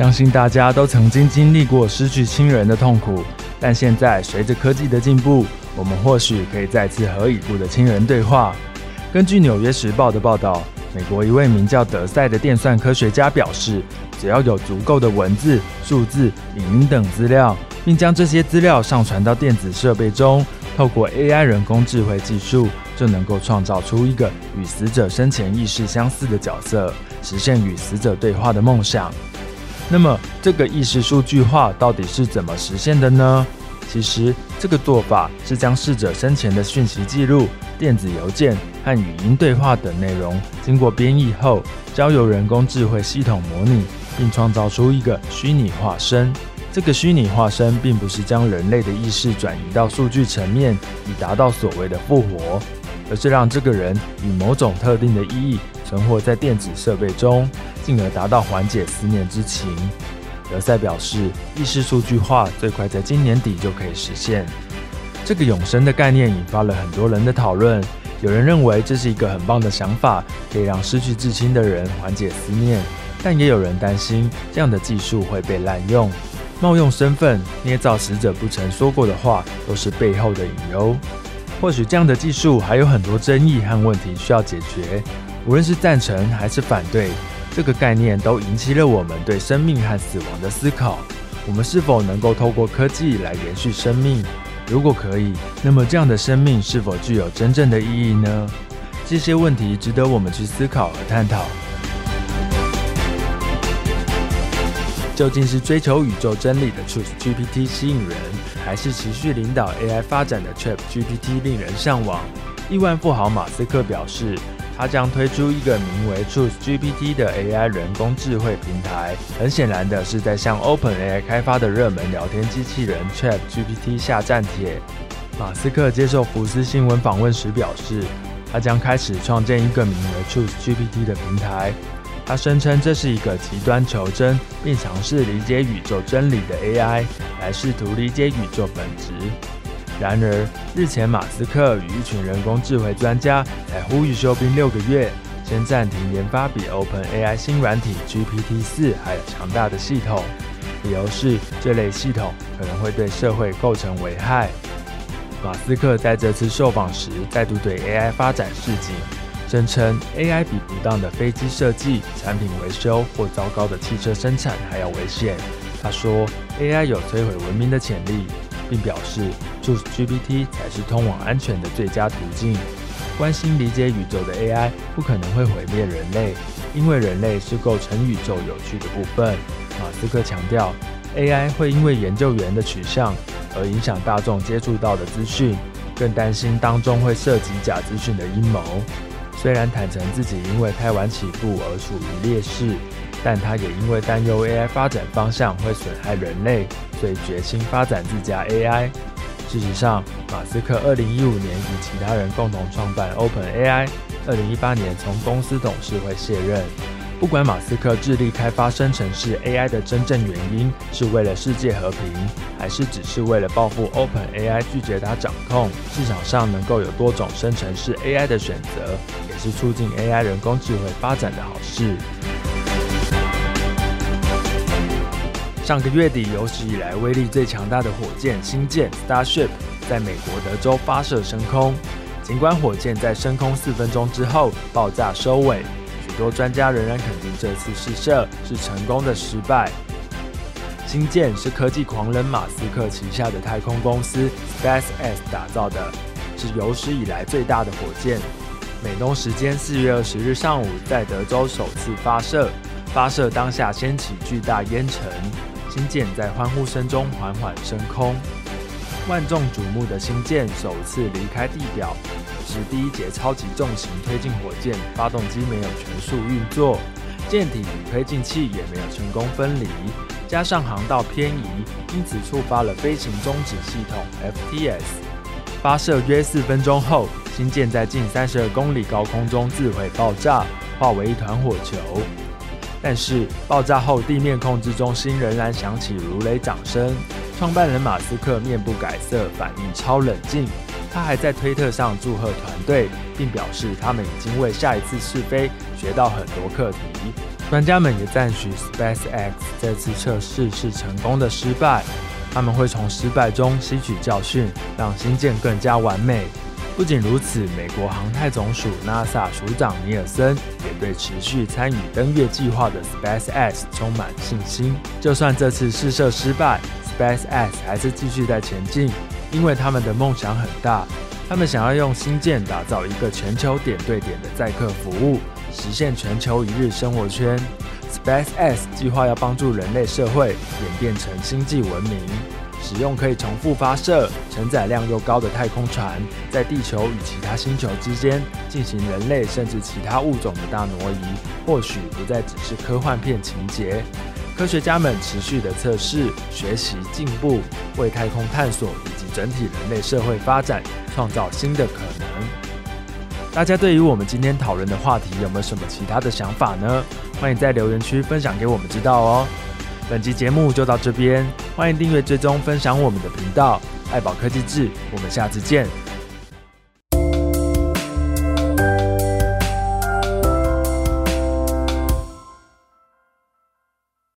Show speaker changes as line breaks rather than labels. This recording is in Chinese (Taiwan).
相信大家都曾經經歷過失去親人的痛苦，但現在隨着科技的進步，我們或許可以再次和已故的親人對話。根據《紐約時報》的報道，美國一位名叫德賽的電算科學家表示，只要有足夠的文字、數字、影音等資料，並將這些資料上傳到電子設備中，透過 AI 人工智慧技術，就能夠創造出一個與死者生前意識相似的角色，實現與死者對話的夢想。那麼，這個意識數據化到底是怎麼實現的呢？其實，這個做法是將逝者生前的訊息記錄、電子郵件和語音對話等內容，經過編譯後，交由人工智慧系統模擬，並創造出一個虛擬化身。這個虛擬化身並不是將人類的意識轉移到數據層面，以達到所謂的復活，而是讓這個人以某種特定的意義。存活在電子設備中，進而達到緩解思念之情。德賽表示，意識數據化最快在今年底就可以實現。這個永生的概念引發了很多人的討論。有人認為這是一個很棒的想法，可以讓失去至親的人緩解思念，但也有人擔心這樣的技術會被濫用，冒用身份、捏造死者不曾說過的話，都是背後的隱憂。或許這樣的技術還有很多爭議和問題需要解決。無論是贊成還是反對，這個概念都引起了我們對生命和死亡的思考。我們是否能夠透過科技來延續生命？如果可以，那麼這樣的生命是否具有真正的意義呢？這些問題值得我們去思考和探討。究竟是追求宇宙真理的 TruthGPT 吸引人，還是持續領導 AI 發展的 ChatGPT 令人向往？億萬富豪馬斯克表示。他將推出一個名為 TruthGPT 的 AI 人工智慧平台，很顯然的是在向 OpenAI 開發的熱門聊天機器人 ChatGPT 下戰帖。馬斯克接受福斯新聞訪問時表示，他將開始創建一個名為 TruthGPT 的平台。他聲稱這是一個極端求真，並嘗試理解宇宙真理的 AI，來試圖理解宇宙本質。然而，日前馬斯克與一群人工智慧專家在呼籲休兵六個月，先暫停研發比 OpenAI 新軟體 GPT-4 還要強大的系統。理由是這類系統可能會對社會構成危害。馬斯克在這次受訪時再度對 AI 發展示警，聲稱 AI 比不當的飛機設計、產品維修或糟糕的汽車生產還要危險。他說，AI 有摧毀文明的潛力。並表示，TruthGPT 才是通往安全的最佳途徑。關心理解宇宙的 AI 不可能會毀滅人類，因為人類是構成宇宙有趣的部分。馬斯克強調，AI 會因為研究員的取向而影響大眾接觸到的資訊，更擔心當中會涉及假資訊的陰謀。雖然坦承自己因為太晚起步而處於劣勢，但他也因為擔憂 AI 發展方向會損害人類，所以決心發展自家 AI。事實上，馬斯克2015年與其他人共同創辦 OpenAI，2018 年從公司董事會卸任。不管馬斯克致力開發生成式 AI 的真正原因是為了世界和平，還是只是為了報復 OpenAI 拒絕它掌控，市場上能夠有多種生成式 AI 的選擇，也是促進 AI 人工智慧發展的好事。上個月底，有史以來威力最強大的火箭星艦 Starship 在美國德州發射升空，儘管火箭在升空四分鐘之後爆炸收尾。很多專家仍然肯定這次試射是成功的失敗。星艦是科技狂人馬斯克旗下的太空公司 SpaceX 打造的，是有史以來最大的火箭。美東時間四月二十日上午在德州首次發射，發射當下掀起巨大煙塵，星艦在歡呼聲中緩緩升空。萬眾矚目的星艦首次離開地表，可是第一節超級重型推進火箭發動機沒有全速運作，艦體與推進器也沒有成功分離，加上航道偏移，因此觸發了飛行終止系統 FTS。發射約四分鐘後，星艦在近三十二公里高空中自毀爆炸，化為一團火球。但是爆炸後，地面控制中心仍然響起如雷掌聲。創辦人馬斯克面不改色，反應超冷靜。他還在推特上祝賀團隊，並表示他們已經為下一次試飛學到很多課題。專家們也讚許 SpaceX 這次測試是成功的失敗，他們會從失敗中吸取教訓，讓星艦更加完美。不僅如此，美國航太總署 NASA 署長尼爾森也對持續參與登月計劃的 SpaceX 充滿信心，就算這次試射失敗。SpaceX 還是繼續在前進，因為他們的夢想很大。他們想要用星艦打造一個全球點對點的載客服務，實現全球一日生活圈。SpaceX 計劃要幫助人類社會演變成星際文明，使用可以重複發射、承載量又高的太空船，在地球與其他星球之間進行人類甚至其他物種的大挪移，或許不再只是科幻片情節。科學家們持續的測試、學習、進步，為太空探索以及整體人類社會發展創造新的可能。大家對於我們今天討論的話題有沒有什麼其他的想法呢？歡迎在留言區分享給我們知道哦。本期節目就到這邊，歡迎訂閱、追蹤、分享我們的頻道“艾葆科技誌”。我們下次見。